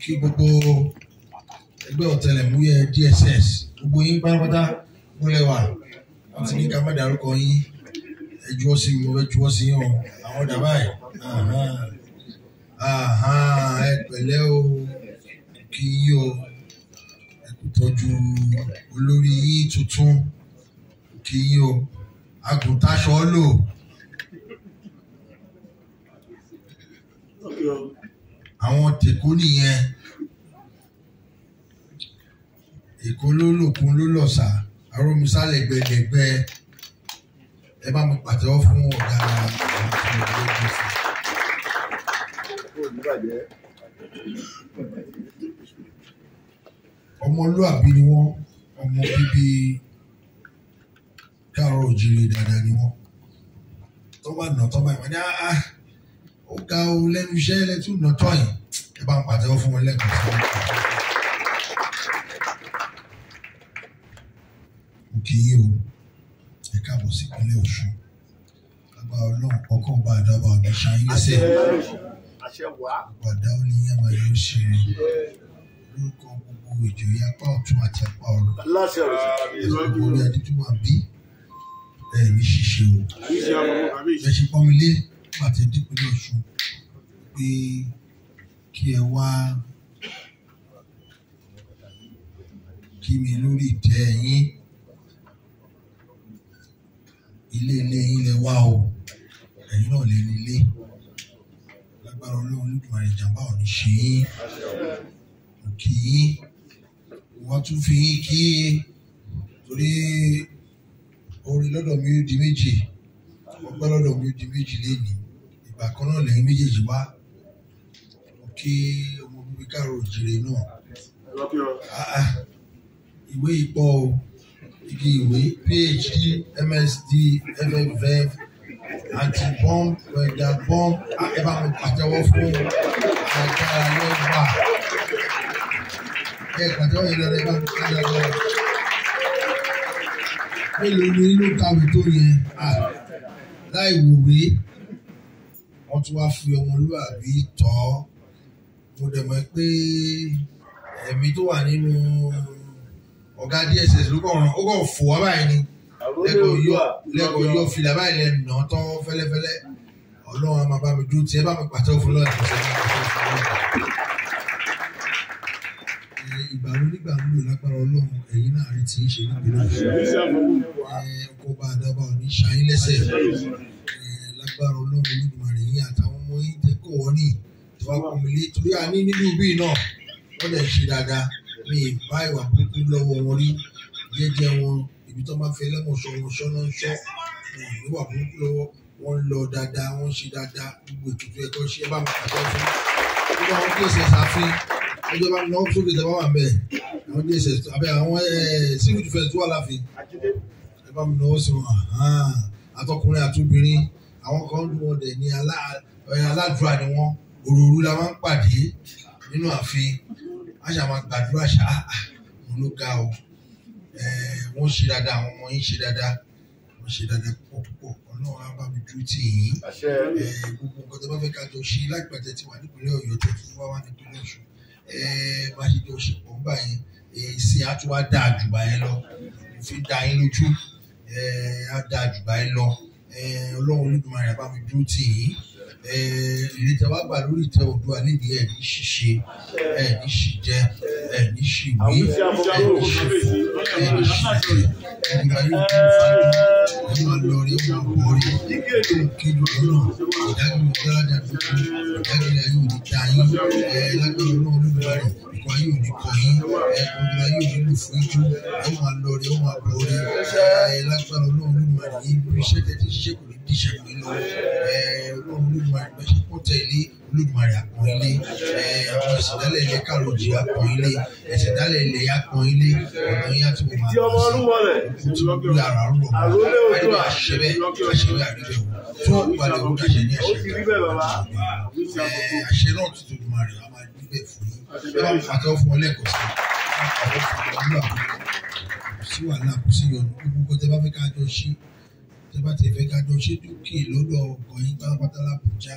kí gbogbo ẹgbẹ́ ọ̀tẹlẹ̀múyẹ́ DSS gbogbo yín pátápátá múlẹ̀wà àti ní ká má dárúkọ yín ẹ juwọ́ sí mi mo fẹ́ juwọ́ sí yín o àwọn dàbá ẹ̀ ẹ pẹ̀lẹ́ o kí yín o ẹ kò tọ́jú olórí yín tuntun kí yín o àgùntàn aṣọ lò. àwọn tèkó nìyẹn èkó ló lòkun ló lọ̀sà arómisá lẹ́gbẹ̀lẹ́gbẹ́ ẹ bá mi pàtẹ́wọ́ fún ọ̀gá ọmọlúàbí ni wọ́n ọmọ bíbí káàárọ̀ òjìrì dáadáa ni wọ́n tó bá nà tó bá ìwà ní ó ga o lẹ́nu iṣẹ́ lẹ́tí ò nọ́tọ̀ yìí ẹ bá ń pàtẹ́wọ́ fún wọn lẹ́ẹ̀kan sí i. mo kì í yé o ẹ káàbọ̀ sí ìpínlẹ̀ Ọ̀ṣun àgbà ọlọ́run kọ́kọ́ bá a dábàá ọ̀dọ̀ ṣáyín lẹ́sẹ̀ ìpàdé òní yẹn máa yọ ṣe lórúkọ gbogbo ìjòyè apá ọ̀tún àti apá ọ̀rọ̀ ẹ̀sìn gbogbo ní adídúwà bí ẹ̀yìn ṣíṣe o bẹ́ẹ̀ ṣe pọ́nmi lé àti ìdípínlẹ̀ Ọ̀ṣun pé kí ẹ wá kí mi lórí ìtẹ́ yín ilé ilé yín lẹ wá o ẹ̀yin náà lè nílé lágbára Ọlọ́run nípa ìjàmbá ò ní ṣe yín kì í wọ́n tún fi yín kí torí orin lọ́dọ̀ mi ó di méjì ọgbẹ́ lọ́dọ̀ mi ó di méjì lénìí ìgbà kan náà lẹ́yìn méjèèjì wá mo kí ọmọ bíbí káàrọ̀ òjìrè náà ah, ah. ìwé ipò igi ìwé PhD MSD ffv anti-bomb wẹ̀dà bomb ah, ẹ̀bá mi pàtẹ́wọ́ fún àgbàrá lọ́gbà ẹ̀ pàtẹ́wọ́ yẹn lọ́dọ̀ ẹ̀bá mi pàtẹ́wọ́ mélòó ni inú kàwé tó yẹn láì wòwé wọ́n tún wá fi ọmọlúwàbí tọ́ mo dẹ̀ mọ̀ pé ẹ̀mí tó wà nínú ọ̀gá DSS ló kàn ó kàn fò wá báyìí ni lẹ́kọ̀ọ́ yóò fìlà báyìí lẹ́nu náà tán fẹ́lẹ́fẹ́lẹ́ ọlọ́run á máa bá mi dúró tiẹ̀ bá mi pàtẹ́ òfin lọ́yà tó ṣe ìgbà wo nígbà wúlò lágbára ọlọ́run ẹ̀yin náà rí ti ń ṣe níbi náà ọkọ̀ bá a dábàá ní ṣayín lẹ́sẹ̀ lágbára ọlọ́run olódùmarè ẹ̀yin àtàwọn ọmọ yín jẹ́ kó wọ́n ní ìjọba pọ̀nmílé torí a ní nínú bíi náà wọ́n lè ṣe dáadáa ní ìbá ìwà pínpín lọ́wọ́ wọn rí jẹ́jẹ́ wọn ibi tó máa fẹ́ lẹ́mọ̀ọ́sọ wọn sọ́nà ń wọn ìwà pínpín lọ́wọ́ wọn lọ dáadáa wọn ṣe dáadáa gbogbo ètùtù ẹ̀kọ́ ṣe ẹ bá mi pàtó fún un gbogbo àwọn dss àfin ọjọ́ bá náà sókè tẹ́ bá wà mẹ́ẹ̀ àwọn dss àbẹ́ àwọn civil defence tó wà láàfin ẹ mi náà sí wọn àtọkùnrin àtúbìnrin àwọn kan lù wọn dẹ̀ ní aládùúrà ni wọ́n òròrú la máa ń pàdé nínú ààfin a máa gbàdúrà ṣá mo ló ga o wọ́n ṣe dáadáa àwọn ọmọ yín ṣe dáadáa wọ́n ṣe dáadáa púpọ̀ púpọ̀ ọlọ́run á bá mi dúró tì yín gbogbo nǹkan tó bá fẹ́ ká jọ ṣe lágbàtẹ́ ti wà nípínlẹ̀ ọ̀yọ́ tó fún wa wà nípínlẹ̀ ọ̀ṣun bá ṣe jọ ṣe pọ̀ nígbà yẹn èsì á tún wá dáa jù báyẹn lọ fi dá yín lójú á dáa jù báyẹn lọ ọlọ́run olódùmarè bá mi dúró tì yín ìrètí wa gbà lórí ìtẹ́ Oòduà nídìí ẹ̀ ní ṣíṣe ẹ̀ ní ṣìjẹ ẹ̀ ní ṣìwé ẹ̀ ní ṣìfò ẹ̀ ní ṣìfò ìgbà yóò kí n fa ẹ̀ máa lọ rí ẹ̀ máa wọ̀ rí ẹ̀ kí n lọ náà ìdájọ́ ìdájọ́ ìdájọ́ ìdájọ́ ìdájọ́ ìdájọ́ ìdájọ́ ìdájọ́ ìdájọ́ ìdájọ́ ọkọ̀ ayé ò kọ yín ọkọ̀ ayé ò ní fún ijú ẹ máa rẹ ó máa rẹ ẹ lágbára ọlọ́run olùmọ̀ràn yìí ibi iṣẹ́ tẹ ti kò ní di ìṣàkóso lọ ẹ ọlọ́run olùmọ̀ràn ìgbésẹ̀ pọ̀ tẹ̀lé olùmọ̀ràn àpọ̀ ilé àwọn ìṣẹ̀dálẹ̀ ilẹ̀ kàròjì àpọ̀ ilé ìṣẹ̀dálẹ̀ ilẹ̀ àpọ̀ ilé ọ̀dọ́ yá tó máa bọ̀ sí òkú ara rúbọ̀ àdébà àṣẹbẹ̀ àṣẹbẹ̀ àríbẹ̀ tó gbàdúrà àṣẹ ní àṣẹ àṣẹ náà tuntun mọ̀ rẹ̀ a máa níbẹ̀ fún yín ọlọ́run fàtọ́ fún ọ lẹ́kọ̀ọ́ sí kò sí wàhálà kò sí yọnu gbogbo tẹ bá fẹ́ ká jọ ṣe tẹ bá tẹ fẹ́ ká jọ ṣe dúkìá lọ́dọ̀ ọkàn yín pátápátá làbújá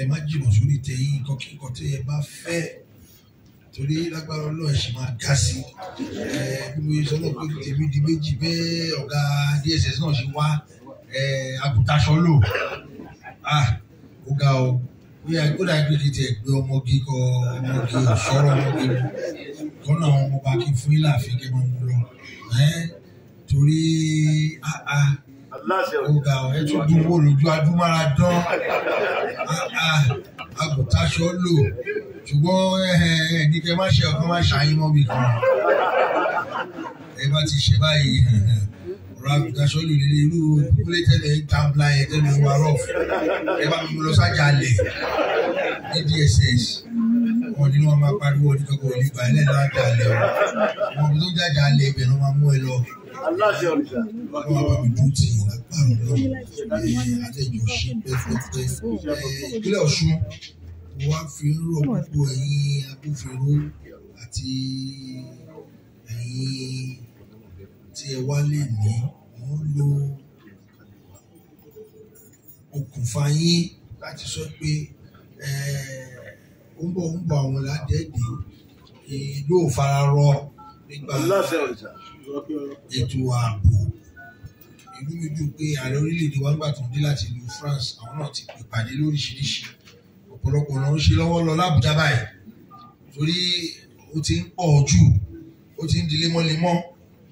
ẹ má jìnnà sórí tẹ̀yìn nǹkan kí nǹkan tẹ ẹ bá fẹ́ torí lágbára ọlọ́run ṣì máa ga sí i bí mo yẹ sọ náà pé tèmi di méjì bẹ́ẹ̀ ọ̀gá DSS náà ṣe wá àbùtàṣọ́ lò ah, ó ga o bóyá ó dà gbé ní tiẹ̀ gbé ọmọge kọ ọmọge sọ̀rọ̀ ọmọge mu kọ́nà àwọn ọmọ bá kí fún ilà àfi kí wọ́n mú lọ torí àá ọgá ẹ tún dúró lójú adúmára dán àgùntàṣọ lò ṣùgbọ́n ẹni kẹ má ṣe ọkàn má ṣàyìn mọ́ mi kan ẹ bá ti ṣe báyìí ragasolu lele irú kúlé tẹ́lẹ̀ ń tabla ẹ tẹ́lẹ̀ wà rọf ẹ bá mi lọ sájà lẹ ní wọn ni wọn máa pariwo ọdún kankan òní gbà ẹlẹ́ni wọn jà lẹ o wọn tó jàjà lẹ ibẹ̀ ni wọn máa mú ẹ lọ wọn máa bá mi dùn tì í lágbára Ọlọ́run àtẹjọ sí pẹfẹtẹ ìpínlẹ̀ Ọ̀ṣun wọn fi ń rọ gbogbo ẹ̀yin agbófinró àti ẹ̀yin tí ẹ wá lè ní mò ń lo okùnfà yín láti sọ pé ó ń bọ̀ ń bọ̀ àwọn ládẹ́ẹ̀dẹ́ ìlú ò fara rọ nígbà ètò ààbò ìlú mi dùn pé ààrẹ orílẹ̀-èdè wa nígbà tó ń dé láti ìlú France àwọn náà ti pàdé lóríṣiríṣi ọ̀pọ̀lọpọ̀ náà ń ṣe lọ́wọ́ lọ lábùjá báyìí torí ó ti ń pọ̀ jù ó ti ń di lemọ́lemọ́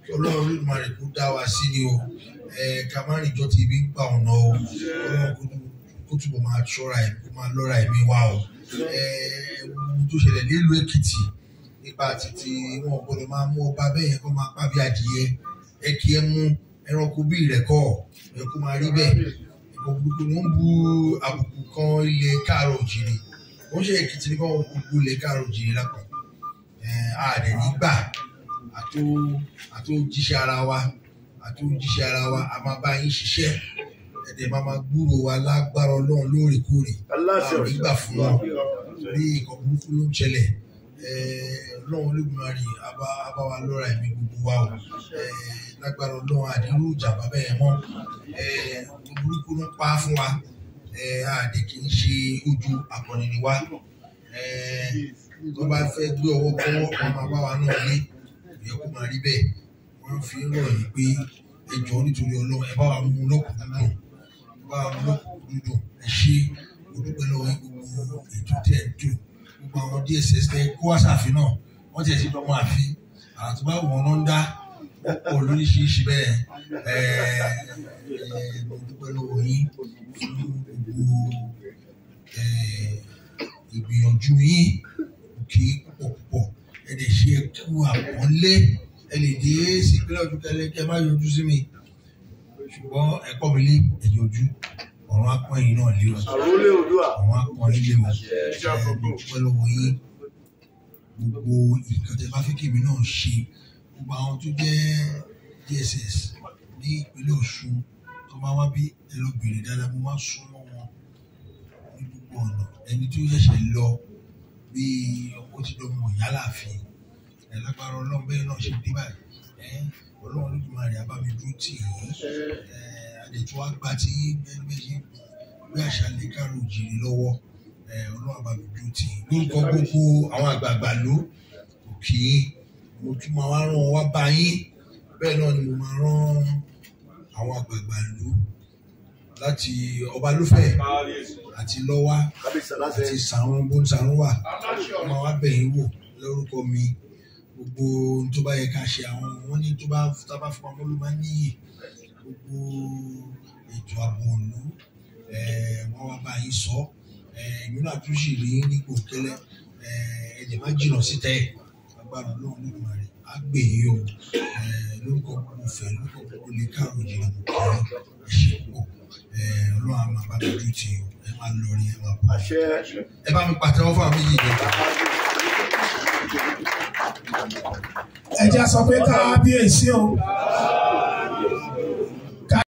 kí ọlọ́run Olódùmarè kó dá wa sí ni o ká má rìn jọ ti ibi ń pa ọ̀nà o kó túbọ̀ máa ṣọ́ra ẹ̀ kó máa lọ́ra ẹ̀mí wa o ohun tó ṣẹlẹ̀ nílùú Èkìtì nípa títí wọn ò gbọdọ̀ máa mú ọba bẹ́ẹ̀ yẹn kó máa pa bí adìyẹ ẹ kì í mú ẹranko bí ìrẹ́kọ̀ ẹ kó máa rí bẹ́ẹ̀ ẹ̀kọ́ burúkú wọn ń bu àbùkù kan ilẹ̀ káàrọ̀ òjìrì wọ́n ṣe Èkìtì nípa gbogbo ilẹ̀ káàrọ̀ òjìrì lápapọ̀ ààrẹ àti ohun àti ohun jíṣẹ́ ara wa àti jíṣẹ́ ara wa a máa bá yín ṣiṣẹ́ ẹ̀dẹ̀ máa máa gbúrò wa lágbára ọlọ́run lóòrèkóòrè àwọn ìgbà fún wa rí ìkọ̀ burúkú ló ń ṣẹlẹ̀ ọlọ́run olóògbémarì abá wa lọ́ra ẹ̀mí gbogbo wa o lágbára ọlọ́run àdínrú ìjàmbá bẹ́ẹ̀ mọ́ burúkú ló ń pa fún wa àdè kì í ṣe ojú àkànnì ni wa tó bá fẹ́ gbé ọwọ́ kọ́wọ́ ọmọ àbáwa náà lé yẹ kó máa rí bẹ́ẹ̀ wọ́n fi ń rọ̀ yìí pé ẹ jọ̀ọ́ nítorí ọlọ́run ẹ bá wa mú lọ́kùnrin dùn ẹ bá wa mú lọ́kùnrin dùn ẹ ṣe olúpẹ̀lọ́ gbogbo ètò tẹ̀ ń tò gbogbo àwọn DSS tẹ kó àṣàfin náà wọ́n ti ẹ̀ sí dọ́mọ àfi àtúbà wọn náà ń dá olóríṣiríṣi bẹ́ẹ̀ ẹ̀ẹ́dẹ́gbẹ̀lọ́wọ́ yín tẹ́lẹ̀ kí ẹ má yọjú sí mi ṣùgbọ́n ẹ̀kọ́ mi lé ẹ̀yìn ojú ọ̀run akọ̀yìn náà lé o ọ̀run akọ̀yìn lé o pẹ̀lú wọ̀nyí gbogbo nǹkan tẹ́ bá fẹ́ kí náà ṣe gbogbo àwọn tó jẹ́ DSS ní ìpínlẹ̀ Ọ̀ṣun tó máa wá bí ẹ dáadáa mo máa súnmọ́ wọn ní gbogbo ọ̀nà ẹni tó ṣẹ̀ṣẹ̀ lọ bí ọkọ̀ tí lọ́mọ ìyá láàfin ẹ̀ lágbára ọlọ́run náà ṣe dé báyìí ọlọ́run Olódùmarè á bá mi dúró tì yín àdètò eh, àgbà tí bẹ́ẹ̀ bẹ́ẹ̀ ṣe gbé àṣà lè kárò jìnnì lọ́wọ́ eh, ọlọ́run á bá mi dúró tì yín lórúkọ gbogbo àwọn àgbààgbà ló òkè mo tún máa wá rán wá bá yín bẹ́ẹ̀ náà ni mo máa rán àwọn àgbààgbà ló láti Ọbalúfẹ̀ àti Lọ́wá àti Sàrún bó Sàrún wà ọmọ wa bẹ̀ wò lórúkọ mi gbogbo ohun tó bá yẹ ká ṣe àwọn wọn ní tó bá tá a bá fipá mọ́ ló máa ń níyì gbogbo ètò ààbò òlu wọn wá bá yín sọ èmi náà tún sì rí nípò kẹlẹ ẹjẹ má jìnnà síta ẹ agbára náà nínú rẹ á gbè yín o lórúkọ gbogbo ìfẹ́ lórúkọ gbogbo lè káàró jìnnà kò kọ́ ẹ ṣe púpọ̀ ọlọ́run á máa ti o ẹ máa lọ rí ẹ máa bọ̀ ẹ bá mi pàtẹ́wọ́ fún àwọn méjì yẹn ẹ jẹ́ sọ pé kábíyèsí o.